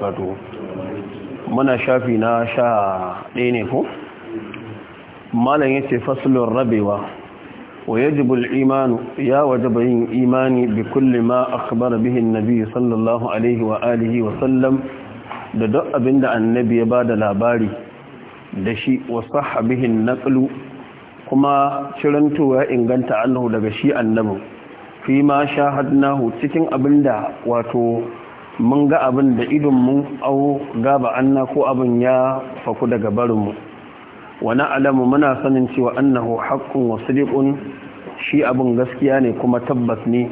wato muna shafi na sha ɗaya ne ko malam yace faslun rabewa wa yajibu al imanu ya wajaba yin imani bi kulli ma akhbara bihi an-nabi sallallahu alaihi wa alihi wa sallam da duk abinda annabi ya ba da labari da shi wa sahbihi an-naqlu kuma cirantowa inganta Allah daga shi annabi fi ma shahadnahu cikin abinda wato mun ga abin da idonmu au gaba anna ko abin ya faku daga barinmu wani alamu muna sanin cewa annahu haƙƙun wasu liƙun shi abin gaskiya ne kuma tabbas ne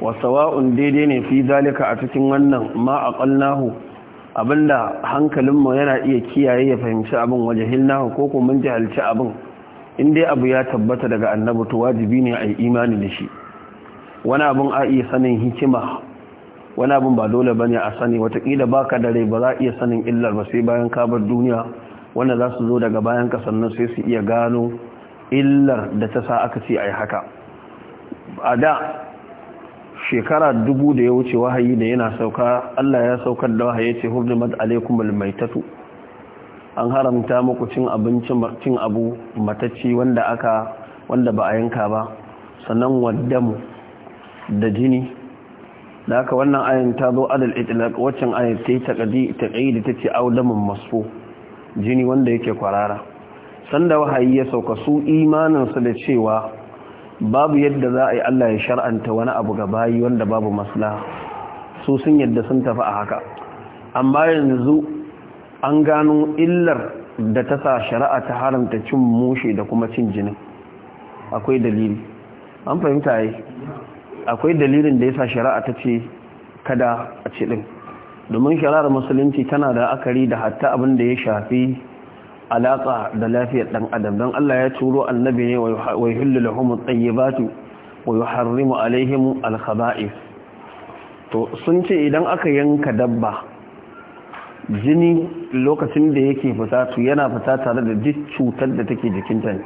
wasu wa'un daidai ne fi zalika a cikin wannan ma Abin da hankalinmu yana iya kiyaye ya fahimci abin waje-hin wajahilnahu ko kuma mun abin in dai abu ya tabbata daga annabi to wajibi ne a yi imani da shi wani abin a iya sanin hikima wani abin ba dole bane a sani watakila baka da rai ba za iya sanin illar ba sai bayan kabar duniya wanda za su zo daga bayan ka sannan sai su iya gano illar da ta sa aka ce a yi haka a da shekara dubu da ya wuce wahayi da yana sauka Allah ya saukar da wahayi ce hurrimat alaikum almaitatu an haramta muku cin abincin abu matacci wanda wanda ba a yanka ba sannan waddamu da jini da haka wannan ayin ta zo adal itlaq waccan ayin ta yi ta taqidi tace aulamun masu jini wanda yake kwarara sanda wahayi ya sauka su imaninsu da cewa babu yadda za a yi Allah ya shar'anta wani abu ga bayi wanda babu masla, su sun yadda sun tafi a haka amma yanzu an gano illar da ta sa shari'a ta haramta cin mushe da kuma cin jinin akwai dalili an fahimta yi akwai dalilin da yasa shari'a ta ce kada a ce din domin shari'ar musulunci tana da akari da hatta abin da ya shafi alaka da lafiyar dan adam don Allah ya turo annabi ne wa yuhillu lahum at-tayyibatu wa yuharrimu alaihim al-khaba'ith to sun ce idan aka yanka dabba jini lokacin da yake fita to yana fita tare da duk cutar da take jikinta ne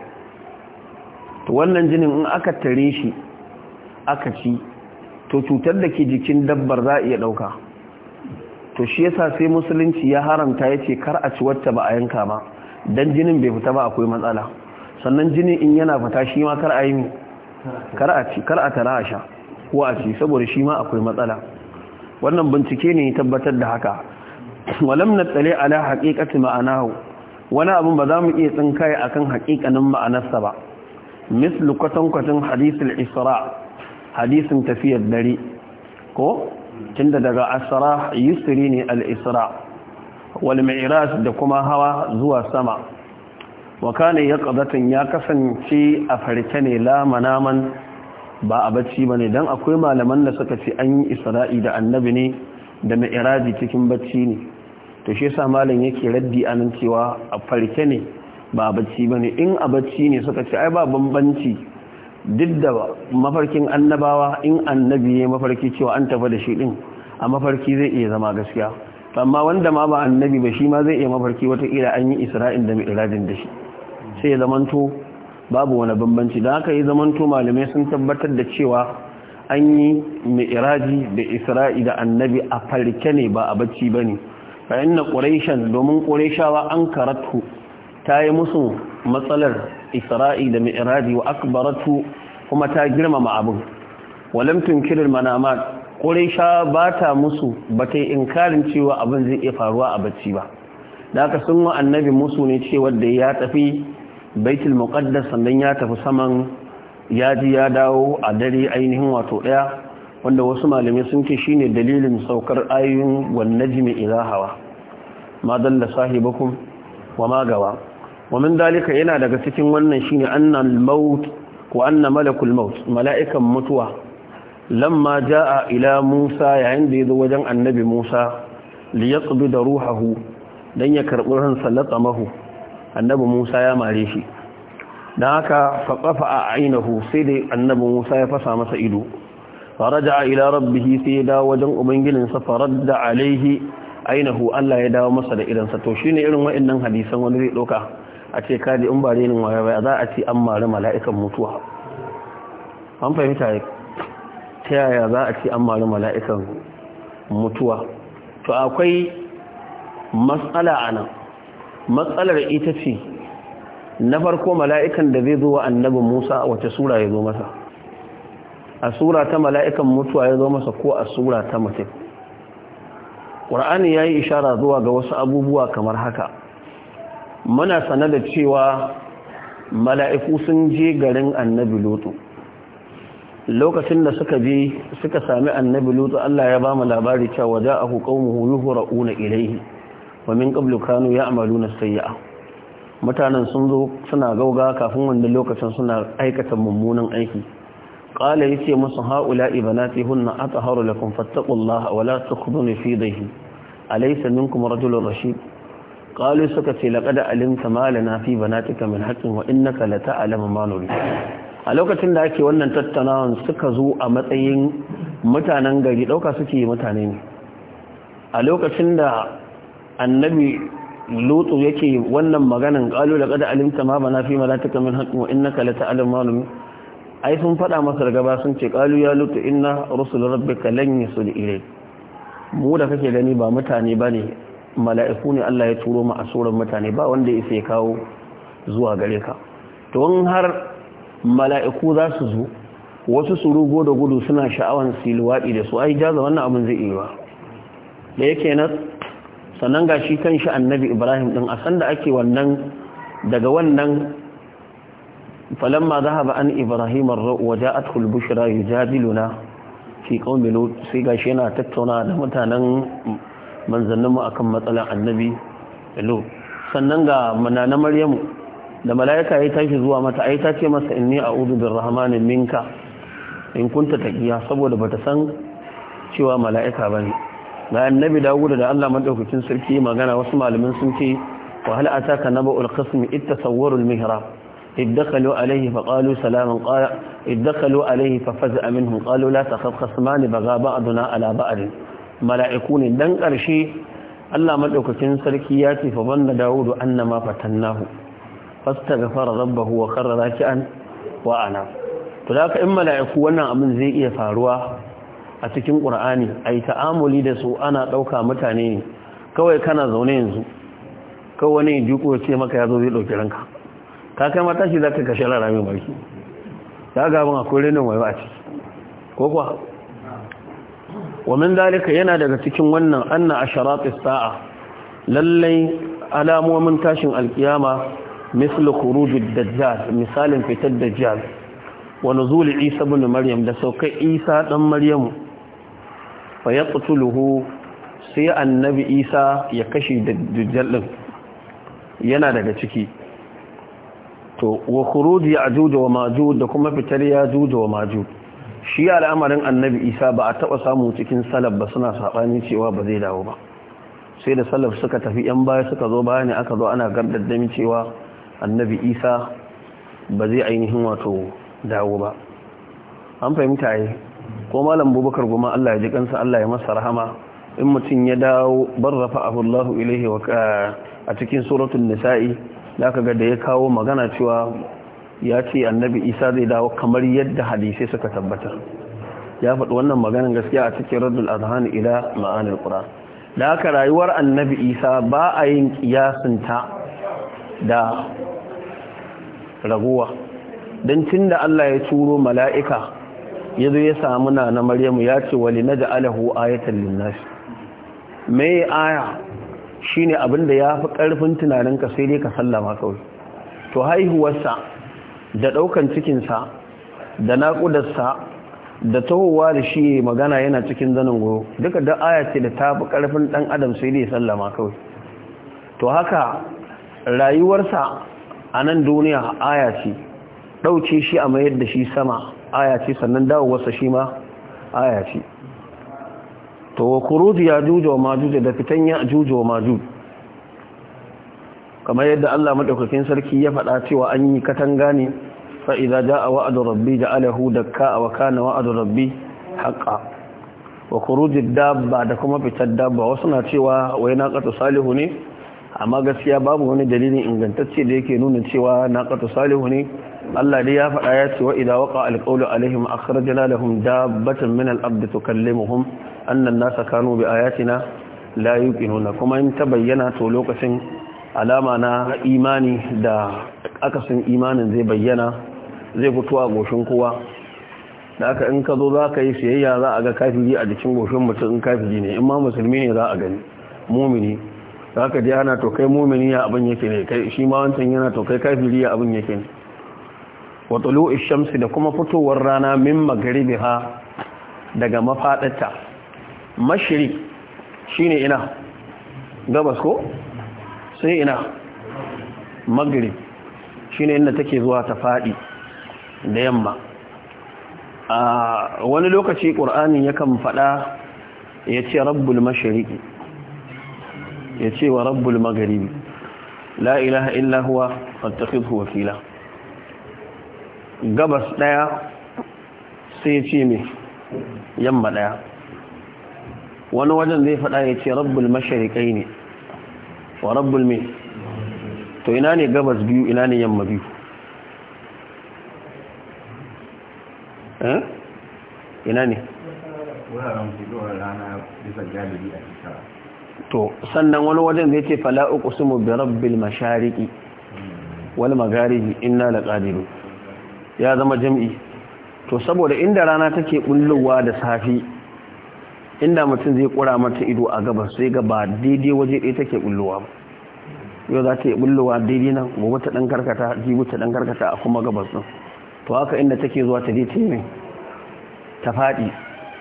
to wannan jinin in aka tare shi aka ci to cutar da ke jikin dabbar za a iya ɗauka to shi yasa sai musulunci ya haramta ya ce kar a ci wacce ba a yanka ba don jinin bai fita ba akwai matsala sannan jinin in yana fita shi ma kar a yi kar a ci kar a tara a sha ko a ci saboda shi ma akwai matsala wannan bincike ne tabbatar da haka walam na tsale ala haƙiƙati ma'anahu wani abin ba za mu iya tsinkaye akan haƙiƙanin ma'anarsa ba mislu kwatankwacin hadisul isra hadisin tafiyar dare ko tunda daga asra yusri ne al-isra wal mi'raj da kuma hawa zuwa sama wa kana yaqdatan ya kasance a farke ne la manaman ba a bacci bane dan akwai malaman da suka ce an isra'i da annabi ne da mi'raji cikin bacci ne to shi yasa malam yake raddi anan cewa a farke ne ba a bacci bane in a bacci ne suka ce ai ba bambanci duk da mafarkin annabawa in annabi ya mafarki cewa an tafa da shi din a mafarki zai iya zama gaskiya amma wanda ma ba annabi ba shi ma zai iya mafarki wataƙila an yi isra'il da mi'rajin da shi sai ya zamanto babu wani bambanci don haka ya zamanto malamai sun tabbatar da cewa an yi mi'raji da isra'i da annabi a farke ne ba a bacci ba ne fa'in na domin ƙureshawa an karatu ta yi musu matsalar isra'i da mi'raji wa akbaratu kuma ta girmama abin walam tunkirin manamat quraisha ba ta musu ba ta inkarin cewa abin zai iya faruwa a bacci ba da aka sun wa annabi musu ne cewa da ya tafi baitul muqaddas sannan ya tafi saman ya ji ya dawo a dare ainihin wato daya wanda wasu malamai sun ce shine dalilin saukar ayoyin wan najmi ila hawa ma dalla sahibakum wa ma gawa wa min yana daga cikin wannan shine annal maut wa anna malakul maut mala'ikan mutuwa lamma jaa ila Musa yayin da yazo wajen annabi Musa li yaqbi da ruhahu dan ya karbi ransa latamahu annabi Musa ya mare shi dan haka faqafa a ainihu sai da annabi Musa ya fasa masa ido faraja ila rabbihi sai da wajen ubangijinsa faradda alaihi ainihu Allah ya dawo masa da idansa to shine irin wa'annan hadisan wani zai doka a ce kaji in ba renin waya ba za a ce an mara mala'ikan mutuwa an fahimta ta yaya za a ce an mara mala'ikan mutuwa to akwai matsala a matsalar ita ce na farko mala'ikan da zai zo wa annabi musa wace sura ya zo masa a sura ta mala'ikan mutuwa ya zo masa ko a sura ta mutum ƙwar'ani ya yi ishara zuwa ga wasu abubuwa kamar haka muna sana da cewa mala'iku sun je garin annabi lutu lokacin da suka je suka sami annabi lutu Allah ya ba mu labari cewa ja'ahu qaumuhu yuhra'una ilayhi wa min ya kanu ya'maluna sayyi'a mutanen sun zo suna gauga kafin wanda lokacin suna aikata mummunan aiki qala yace musu haula ibanati hunna ataharu lakum fattaqullaha wa la tukhdhuni fi dayhi alaysa minkum rajulun rashid qalu suka ce laqad alimta ma lana fi banatika min haqqin wa innaka la ta'lamu ma nuri a lokacin da ake wannan tattaunawa suka zo a matsayin mutanen gari dauka suke mutane ne a lokacin da annabi lutu yake wannan maganin kalu da alimta ma bana fi malatika min haqqin wa innaka la ta'lamu ma num ai sun fada masa daga ba sun ce kalu ya lutu inna rusul rabbika lan yusul ilayk mu da kake gani ba mutane bane mala'iku ne Allah ya turo ma a tsoron mutane ba wanda ya sai kawo zuwa gare ka don har mala'iku za su zo wasu su rugo da gudu suna sha'awan siluwaɗi da su ai jaza wannan abin zai iya ba da yake na sannan ga shi kan shi annabi ibrahim ɗin a sanda ake wannan daga wannan falamma zahaba ba an ibrahim waje a tulbushira yi jadiluna milo sai ga shi yana tattauna da mutanen manzanninmu akan matsalan annabi ilo sannan ga manana maryamu da mala'ika ya tashi zuwa mata ai ta ce masa inni a'udhu rahmani minka in kunta taqiya saboda bata san cewa mala'ika bane ga annabi Dawud da Allah madaukakin sarki magana wasu malamin sun ce wa hal ataka naba'ul qasm ittasawwaru al mihra idakalu alaihi faƙalu salamun ƙara idakalu alaihi fafaza aminhum ƙalu la ta kafkas ba ga aduna ala ba'adin mala'iku ne dan ƙarshe Allah maɗaukakin sarki ya ce fa banna dawudu annama fatannahu fastaghfara rabbahu wa ki an wa ana to da in mala'iku wannan abin zai iya faruwa a cikin qur'ani yi ta'amuli da su ana ɗauka mutane ne kawai kana zaune yanzu kawai wani ce maka yazo zai ɗauki ranka ka kai zaka kashe rarami barki ya ga akwai a ciki wa zalika yana daga cikin wannan anna asharatis sa'a lallai alamomin tashin alkiyama mislu khurujid dajjal misalin fitar dajjal wa nuzul isa ibn maryam da saukar isa dan maryamu fa yaqtuluhu sai annabi isa ya kashe dajjal din yana daga ciki to wa khuruj ya'juj wa majuj da kuma fitar ya'juj wa majuj shi al'amarin annabi isa ba a taɓa samu cikin salaf ba suna saɓani cewa ba zai dawo ba sai da salaf suka tafi yan baya suka zo baya ne aka zo ana gardaddami cewa annabi isa ba zai ainihin wato dawo ba an fahimta yi ko malam bubakar goma allah ya ji kansa allah ya masa rahama in mutum ya dawo bar rafa abu a cikin suratun nisa'i da aka ga da ya kawo magana cewa ya ce annabi isa zai dawo kamar yadda hadisai suka tabbatar ya faɗi wannan maganin gaskiya a cikin raddul azhan ila ma'anar qura da haka rayuwar annabi isa ba a yin kiyasinta da raguwa don tun da allah ya turo mala'ika ya zo ya samu na na maryamu ya ce wali na da alahu ayatan linnas mai aya shine abin da ya fi ƙarfin tunaninka sai dai ka sallama kawai to haihuwarsa da ɗaukan cikinsa da naƙudarsa da tahowa da shi magana yana cikin zanen goyo duka da aya da ta fi ƙarfin ɗan adam sai dai sallama kawai to haka rayuwarsa a nan duniya aya ce ɗauke shi a mayar da shi sama aya ce sannan dawowarsa shi ma aya to wa ya juju wa da fitan ya juja wa kamar yadda Allah madaukakin sarki ya faɗa cewa an yi katanga ne fa idza jaa wa'du rabbi ja'alahu dakka wa kana wa'du rabbi haqqan wa khuruj dabba da kuma fitar dabba wasu na cewa wai naqatu salihu ne amma gaskiya babu wani dalilin ingantacce da yake nuna cewa naqatu salihu ne Allah dai ya faɗa ya ce wa idza waqa alqawlu alaihim akhrajna lahum dabbatan min al-ard tukallimuhum anna an-nasa kanu bi ayatina la yuqinuna kuma in tabayyana to lokacin alama na imani da akasin imanin zai bayyana zai fito a goshin kowa da aka in ka zo za ka yi siyayya za a ga kafiri a jikin goshin mutum in kafiri ne in ma musulmi ne za a gani mumini za ka ji ana to kai mumini ya abin yake ne kai shi ma wancan yana to kai kafiri ya abin yake ne wa ishamsi shamsi da kuma fitowar rana min magribiha daga mafadarta mashrik shine ina gabas ko sai ina magrib shine inda take zuwa ta fadi da yamma a wani lokaci qur'ani yakan fada yace rabbul mashriqi yace wa rabbul maghribi la ilaha illa huwa fattakhidhu wakila gabas daya sai yace me yamma daya wani wajen zai fada yace rabbul mashriqaini wa rabbul mai to ina ne gabas biyu ina ne yamma biyu eh ina ne to sannan wani wajen zai ce fala uqsimu bi rabbil mashariqi wal magharibi inna laqadiru ya zama jami'i to saboda inda rana take bullowa da safi inda mutum zai kura mata ido a gabas sai ga ba daidai waje ɗaya take bullowa ba yau za ta yi bullowa daidai nan gobe ta ɗan karkata jibu ta ɗan karkata a kuma gabas ɗin to haka inda take zuwa ta je ta yi ta faɗi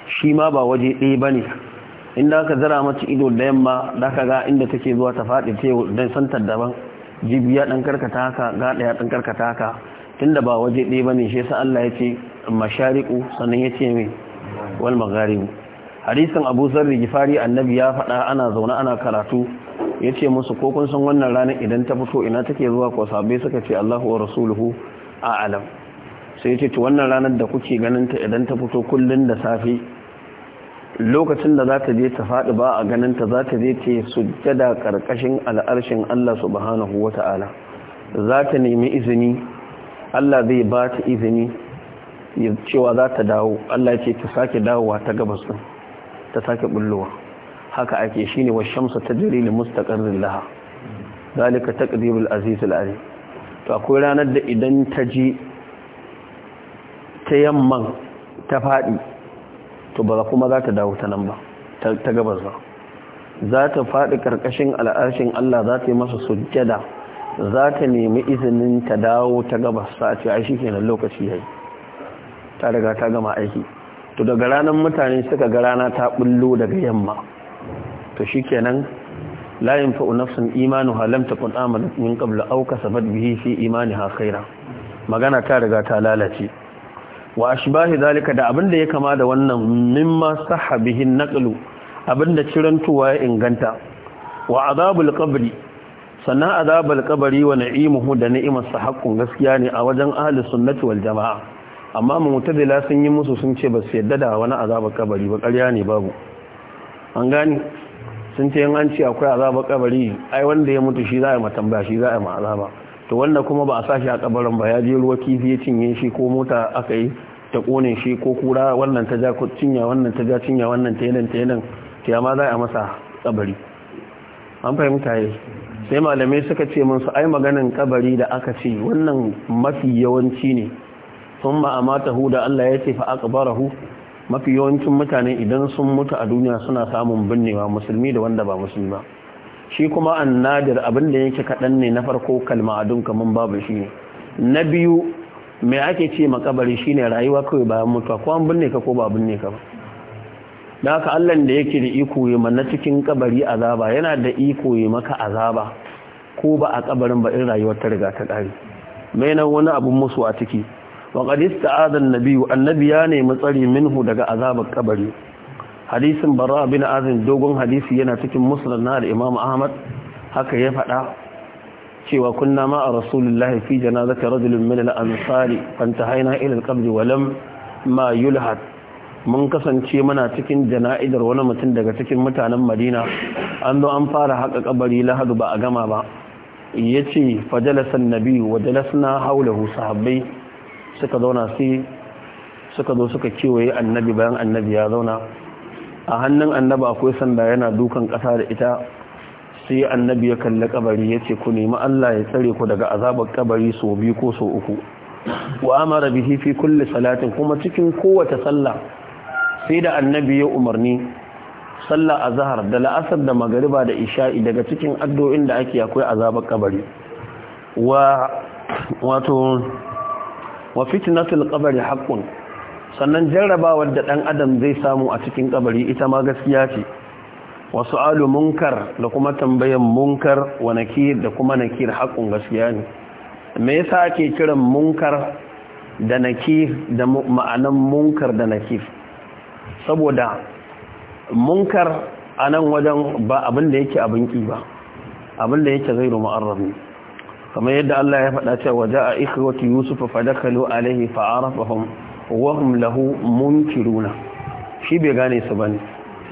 shi ma ba waje ɗaya ba ne inda aka zara mata ido da yamma da ka ga inda take zuwa ta faɗi ta yi don santar daban jibi ya ɗan karkata haka ga ɗaya ɗan karkata haka tunda ba waje ɗaya ba ne shi yasa Allah ya ce mashariƙu sannan ya ce mai wal magharibu hadisin abu zarri gifari annabi ya faɗa ana zaune ana karatu ya ce musu ko kun wannan ranar idan ta fito ina take zuwa ko sabai suka ce allahu wa rasuluhu a alam sai ya ce wannan ranar da kuke ganinta idan ta fito kullum da safe lokacin da za ta je ta faɗi ba a ganinta ta za ta je su jada ƙarƙashin al'arshin allah subhanahu wa ta'ala za ta nemi izini allah zai ba ta izini cewa za ta dawo allah ce ta sake dawowa ta gabas ɗin ta sake bullowa haka ake shine wa shamsu ta li mustaqarrin laha zalika taqdirul azizul alim to akwai ranar da idan ta ji ta yamman ta fadi to ba kuma za ta dawo ta nan ba ta gabas ba za ta fadi karkashin al'arshin Allah za ta yi masa sujjada za ta nemi izinin ta dawo ta gabas sa a ce ai shikenan lokaci yayi ta riga ta gama aiki to daga ranar mutane suka ga rana ta bullo daga yamma to shikenan la nafsin imanu halam ta kun amanat min qabl aw kasabat bihi fi ha khaira magana ta riga ta lalace wa ashbahi zalika da abinda ya kama da wannan mimma sahabihin naqlu abinda cirantuwa ya inganta wa azabul qabri sannan azabul qabri wa na'imuhu da ni'imar sa haqqun gaskiya ne a wajen ahli sunnati wal jamaa amma mutazila sun yi musu sun ce ba su yadda da wani azabar kabari ba karya ne babu an gani sun ce an ce akwai azabar kabari ai wanda ya mutu shi za a yi matamba shi za a yi ma azaba to wanda kuma ba a sashi a kabarin ba ya je ruwa kifi ya cinye shi ko mota aka yi ta kone shi ko kura wannan ta ja cinya wannan ta ja cinya wannan ta yanan ta yanan ta yama za a masa kabari an fahimta yi sai malamai suka ce min su ai maganin kabari da aka ce wannan mafi yawanci ne sun hu da Allah ya ce fa hu mafi yawancin mutane idan sun mutu a duniya suna samun binnewa musulmi da wanda ba musulmi ba shi kuma annadir abin da yake kaɗan ne na farko dunka mun babu shi ne na biyu mai ake ce makabari shine rayuwa kawai bayan mutuwa ko an binne ka ko ba binne ka ba da haka allan da yake da iko yi mana cikin kabari azaba yana da iko yi maka azaba ko ba a kabarin ba in rayuwar ta riga ta ƙare mai nan wani abun musu a ciki وقد استعاذ Nabiyu annabi ya nemi tsari minhu daga azabar kabari hadisin bara abin azin dogon hadisi yana cikin musnad na imam ahmad haka ya faɗa cewa kunna ma a rasulullahi fi janazati rajulin min al-ansari fantahaina ila al-qabr wa ma yulhad mun kasance mana cikin jana'idar wani mutum daga cikin mutanen madina an zo an fara haka kabari lahadu ba a gama ba yace fajalasan nabi wa jalasna hawlahu sahabbai suka zauna sai suka zo suka kewaye annabi bayan annabi ya zauna a hannun annabi akwai sanda yana dukan ƙasa da ita sai annabi ya kalli kabari ya ce ku nemi Allah ya tsare ku daga azabar kabari so biyu ko so uku wa amara bihi fi kulli salatin kuma cikin kowace sallah sai da annabi ya umarni sallah azhar da la'asar da magariba da isha'i daga cikin addu'o'in da ake akwai azabar kabari wa wato wa fitnatul qabri haqqun sannan jarrabawar da ɗan adam zai samu a cikin kabari ita ma gaskiya ce wasu su'alu munkar da kuma tambayan munkar wa nakir da kuma nakir haqqun gaskiya ne me yasa ake kiran munkar da nakir da ma'anan munkar da nakir saboda munkar anan wajen ba abin da yake abin ki ba abin da yake zai mu'arrab kamar yadda Allah ya faɗa cewa a ikhwati yusuf fa dakalu alaihi fa arafahum wa hum lahu munkiruna shi bai gane su bane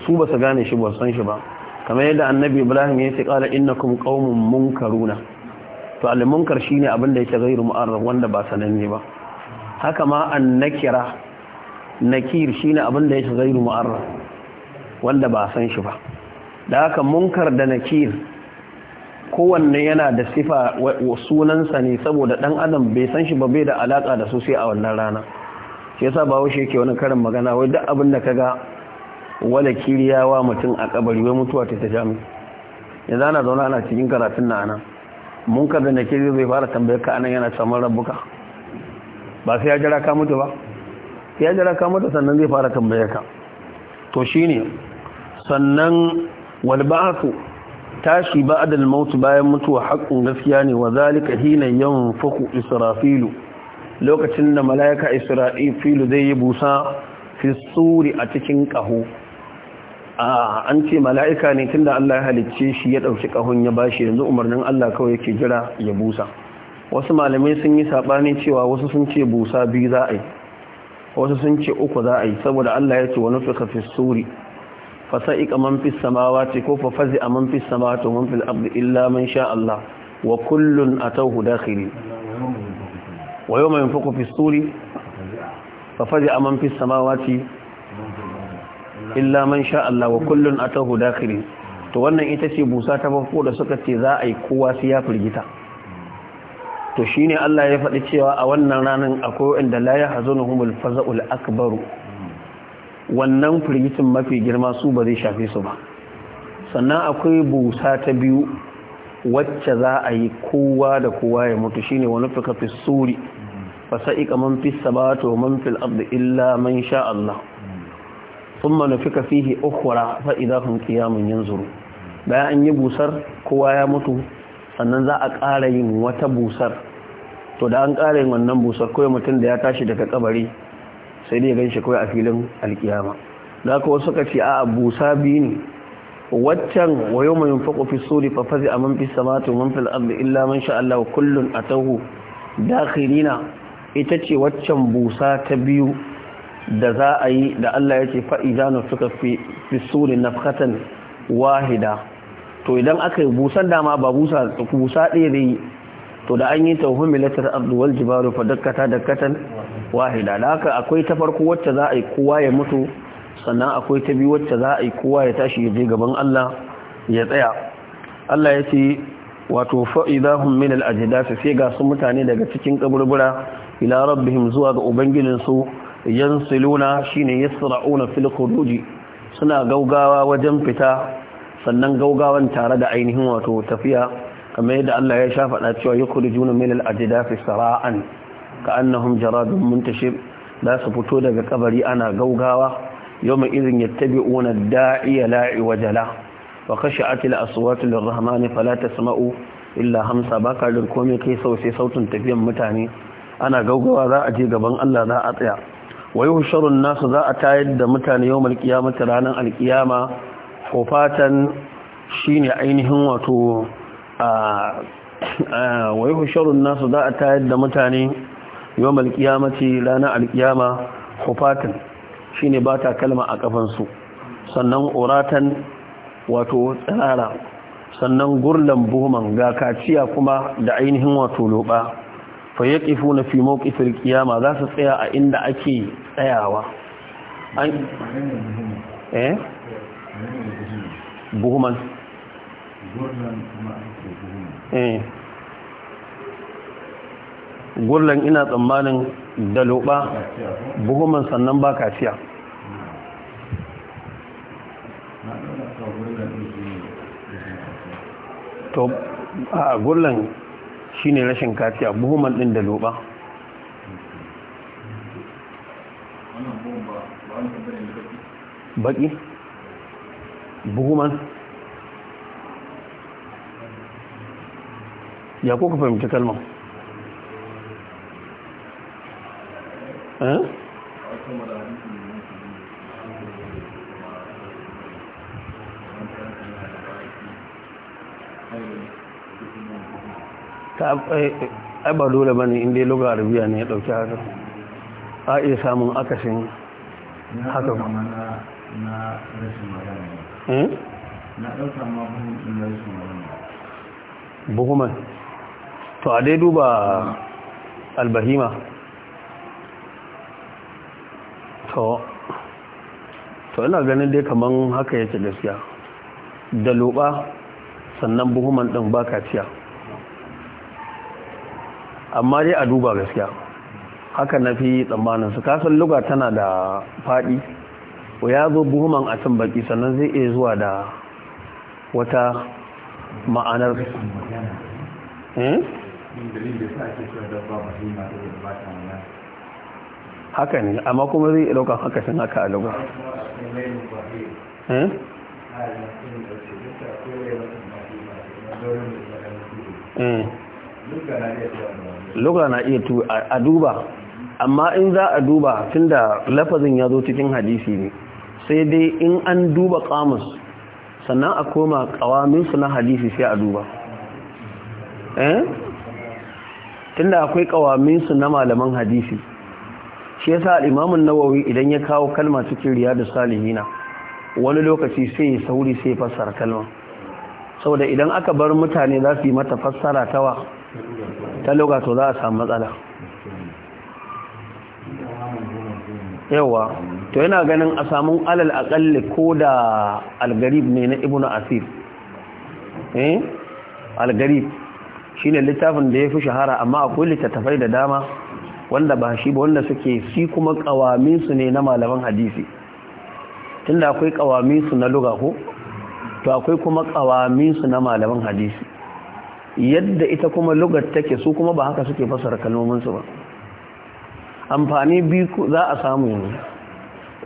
su ba su gane shi ba san shi ba kamar yadda annabi ibrahim ya ce qala innakum qaumun munkaruna to al munkar shine abin da yake gairu mu'arraf wanda ba sananne ba haka ma an nakira nakir shine abin da yake gairu mu'arraf wanda ba san shi ba da haka munkar da nakir kowanne yana da sifa sunansa ne saboda dan adam bai san shi ba bai da alaka da su sai a wannan rana shi yasa ba washe yake wani karin magana wai duk abin da kaga wala kiriyawa mutum a kabari wai mutuwa ta jami yanzu ana zaune ana cikin karatun na ana mun ka da kiri zai fara tambayar ka anan yana samun rabbuka ba sai ya jira ka mutu ba sai ya jira ka mutu sannan zai fara tambayar ka to shine sannan wal ba'athu tashi ba adal mautu bayan mutuwa haqqun gaskiya ne wa zalika hina fuku israfilu lokacin da malaika israfilu zai yi busa fi a cikin kaho an ce mala'ika ne tun da Allah ya halicce shi ya ɗauki kahon ya ba shi yanzu umarnin Allah kawai yake jira ya busa wasu malamai sun yi saɓani cewa wasu sun ce busa biyu za a yi wasu sun ce uku za a yi saboda Allah ya ce wani nufika fisuri fasa'iqa man fis samawati ko fa fazi'a man fis samawati wa man fil ardi illa man sha Allah wa kullun atawhu dakhili wa yawma yunfuqu fis suri fa fazi'a man fis samawati illa man sha Allah wa kullun atawhu dakhili to wannan ita ce busa ta farko da suka ce za a yi kowa sai ya firgita to shine Allah ya faɗi cewa a wannan ranar akwai wanda la yahzunuhumul faza'ul akbaru wannan firgitin mafi girma su ba zai shafe su ba sannan akwai busa ta biyu wacce za a yi kowa da kowa ya mutu shine wani fika fi suri man fi sabato man fil ardi illa man sha Allah thumma nufika fihi ukhra fa idha hum qiyamun yanzuru bayan an yi busar kowa ya mutu sannan za a ƙara yin wata busar to da an ƙara yin wannan busar kawai mutum da ya tashi daga kabari sai dai gan shi kawai a filin alkiyama da aka wasu suka ce a busa biyu ne waccan wayo mai faƙo fi sori fafazi a man fi samatu man fil ardi illa man sha Allah kullun da dakhilina ita ce waccan busa ta biyu da za a yi da Allah ya ce fa'iza na suka fi sori na fatan wahida to idan aka yi busan dama ba busa busa ɗaya da yi to da an yi tauhumilatar abdu wal jibaru fa dakkata dakkatan wahida da haka akwai ta farko wacce za a yi kowa ya mutu sannan akwai ta biyu wacce za a yi kowa ya tashi ya je gaban Allah ya tsaya Allah ya ce wato fa'idahum min al-ajdas sai ga su mutane daga cikin kaburbura ila rabbihim zuwa ga ubangijin su yansiluna shine yasra'una fil suna gaugawa wajen fita sannan gaugawan tare da ainihin wato tafiya kamar yadda Allah ya sha faɗa cewa yukhrijuna min al-ajdas sara'an ka annahum jaradun muntashir za su fito daga kabari ana gaugawa yawma idhin yattabi'una da'iya la'i wajala wa khashi'at al-aswat lir-rahmani fala tasma'u illa hamsa baka da komai kai sau sai sautin tafiyan mutane ana gaugawa za a je gaban Allah za a tsaya wa yuhsharu an-nasu za a tayar da mutane yawmal qiyamati ranan al-qiyama hufatan shine ainihin wato a wa yuhsharu an-nasu za a tayar da mutane yau ce ranar alkiyama hufatin shi ne ba ta kalma a kafansu sannan oratan wato tsara sannan gurlan buhman ga kaciya kuma da ainihin wato loba fa yaqifu na fi mawqifil kiyama za su tsaya a inda ake tsayawa eh buhman gurlan buhman gurlan ina tsammanin da loɓa buhuman sannan ba kaciya to a gurlan shi ne rashin kaciya buhuman ɗin da loɓa, baƙi, buhuman ya kuka fahimci kalmar ai ba dole ba ne inda ya lugar arabiya ne ya ɗauki haka a iya samun akashin haka ba na rashin magana ne hmm? na ɗauka ma buhun rashin buhuman to a dai duba albahima to ina ganin dai kaman haka yake gaskiya da loba sannan buhuman din ba kaciya amma dai a duba gaskiya haka na fi tsammanin su kasan luga tana da faɗi ya zo buhuman a can baki sannan zai iya zuwa da wata ma'anar eh? haka ne amma kuma zai ɗaukar haka shi haka a lagos eh? hmm. lugha na iya tu a duba amma in za a duba tun da lafazin ya zo cikin hadisi ne sai dai in an duba kamus sannan a koma kawaminsu na hadisi sai a duba eh? tun da akwai kawaminsu na malaman hadisi shi ya sa imam nawawi idan ya kawo kalma cikin da salihina wani lokaci sai ya sauri sai fassara kalma saboda idan aka bar mutane za su yi mata fassara tawa ta to za a samu matsala yawa to yana ganin a samun alal akalli ko da algarib ne na Ibn asir eh algarib shine littafin da ya fi shahara amma akwai littattafai da dama wanda ba shi ba wanda suke si kuma kawamin su ne na malaman hadisi tunda akwai kawamin su na lugha ko to akwai kuma kawamin su na malaman hadisi yadda ita kuma lugar take su kuma ba haka suke fasara kalmomin su ba amfani biyu za a samu yanzu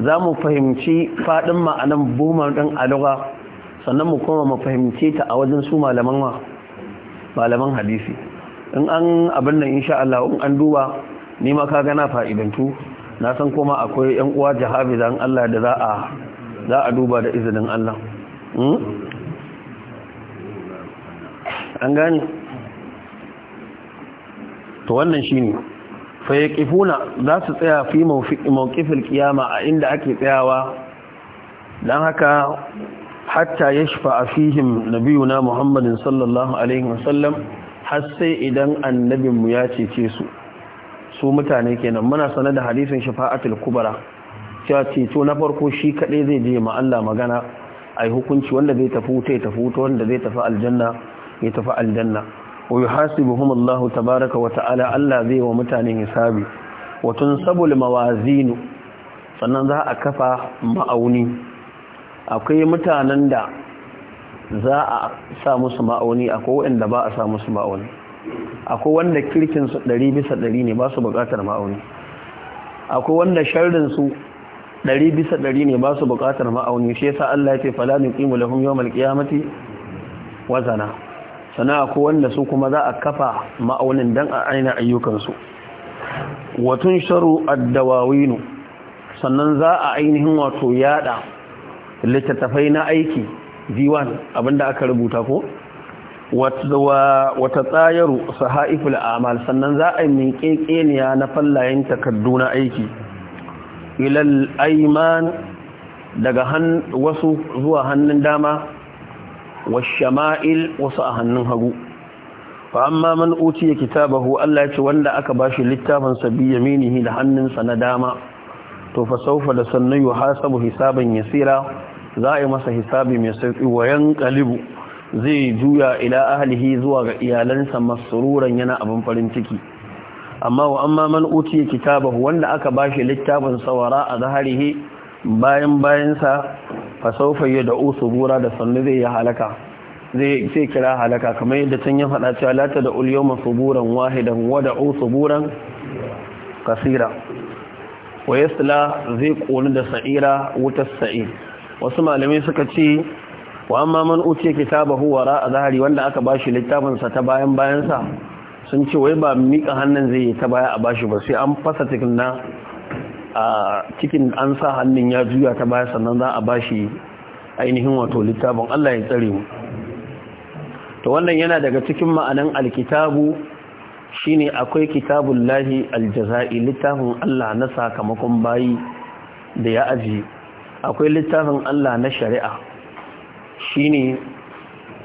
za mu fahimci faɗin ma'anan boma ɗin aluga sannan mu koma mu fahimce ta a wajen su malaman malaman hadisi in an abin nan insha Allah in an duba ni ma ka gana fa'idantu na san kuma akwai ‘yan uwa jahabizan Allah da za a duba da izinin Allah hmm? an gani to wannan shi ne Kifuna za su tsaya fi mawakifin kiyama a inda ake tsayawa Dan haka hatta ya shafa a fihim na biyu na muhammadin sallallahu alaihi wasallam har sai idan annabinmu ya cece su su mutane kenan muna sanar da hadisin shafa'atul kubra cewa ceto na farko shi kadai zai je ma Allah magana ai hukunci wanda zai tafi wuta ya tafi wuta wanda zai tafi aljanna ya tafi aljanna wa yuhasibuhum Allah tabaaraka wa ta'ala Allah zai wa mutane hisabi wa tunsabul mawazin sannan za a kafa ma'auni akwai mutanen da za a sa musu ma'auni akwai wanda ba a sa musu ma'auni akwai wanda kirkin su ɗari bisa ɗari ne ba su buƙatar ma'auni akwai wanda sharrin su ɗari bisa ɗari ne ba su buƙatar ma'auni shi yasa Allah ya ce fala nuqimu lahum yawmal qiyamati wazana sana akwai wanda su kuma za a kafa ma'aunin dan a aina ayyukan su watun sharu ad-dawawinu sannan za a ainihin wato yada littattafai na aiki diwan abinda aka rubuta ko wata tsayaru sahaiful amal sannan za a yi kekeniya na fallayen takardu na aiki ilal aiman daga wasu zuwa hannun dama washama'il wasu a hannun hagu fa amma man utiya kitabahu Allah ya ce wanda aka bashi littafin sabi yaminihi da hannunsa na dama to fa saufa da sannan yuhasabu hisaban yasira za a yi masa hisabi mai sauki wa ƙalibu. zai juya ila ahlihi zuwa ga iyalansa masururan yana abin farin ciki amma wa amma man ya kitabahu wanda aka bashi littafin sawara a zaharihi bayan bayan sa, fa sawfa yad'u subura da sannu zai ya halaka zai sai kira halaka kamar yadda can ya faɗa cewa lata da ul yawma suburan wahidan wa da'u suburan kasira wa yasla zai koni da sa'ira wutar wasu malamai suka ce wa amma man uce kitabahu wara a zahari wanda aka bashi littafin sa ta bayan bayan sa sun ce wai ba mika hannun zai ta baya a bashi ba sai an fasa cikin na a cikin an sa hannun ya juya ta baya sannan za a bashi ainihin wato littafin Allah ya tsare mu to wannan yana daga cikin ma'anan alkitabu shine akwai kitabun lahi aljaza'i littafin Allah na sakamakon bayi da ya aji akwai littafin Allah na shari'a shine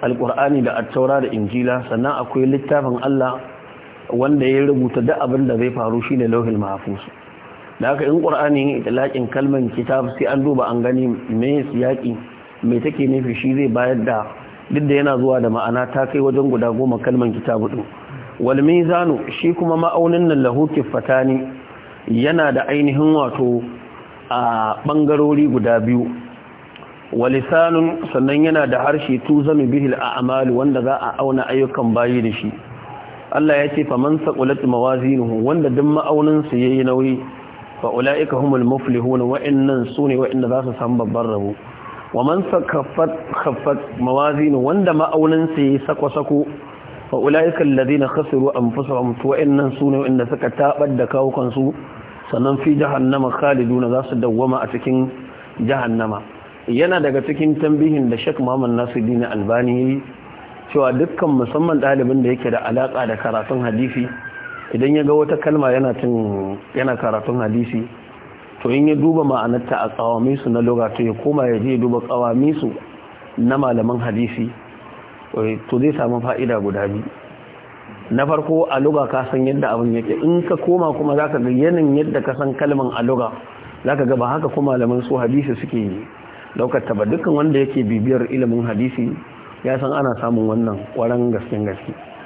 alƙur'ani da attaura da injila sannan akwai littafin Allah wanda ya rubuta duk abin da zai faru shine lauhil mahfuz da haka in ƙur'ani da laƙin kalman kitab sai an duba an gani me siyaki me take nufi shi zai bayar da duk da yana zuwa da ma'ana ta kai wajen guda goma kalman kitab din wal mizanu shi kuma ma'aunin nan lahu kifatani yana da ainihin wato a bangarori guda biyu walisanun sannan yana da harshe tuzanu bihil a'malu wanda za a auna ayyukan bayi da shi Allah ya ce faman saqulat mawazinuhu wanda duk ma'aunin su yayi nauyi fa ulaika humul muflihun wa innan sune wa inda za su san babbar rabo wa man sakaffat khaffat mawazinu wanda ma'aunin su yayi sako sako fa ulaika alladhina khasiru anfusahum wa innan sune wa inda suka tabar da kawukan su sannan fi jahannama khaliduna za su dawwama a cikin jahannama yana daga cikin tambihin da Sheikh nasu dina Albani cewa dukkan musamman ɗalibin da yake da alaƙa da karatun hadisi idan ya ga wata kalma yana karatun hadisi to in ya duba ma'anarta a tsawamisu na loga to ya koma ya je duba tsawamisu na malaman hadisi eh, to zai samu fa'ida guda biyu na farko a loga ka san yadda abin yake in ka koma kuma za ka ga yanin yadda ka san kalman a loga ka ga ba haka kuma malaman su hadisi suke yi daukar ta dukkan wanda yake bibiyar ilimin hadisi ya san ana samun wannan kwaran gaske gaske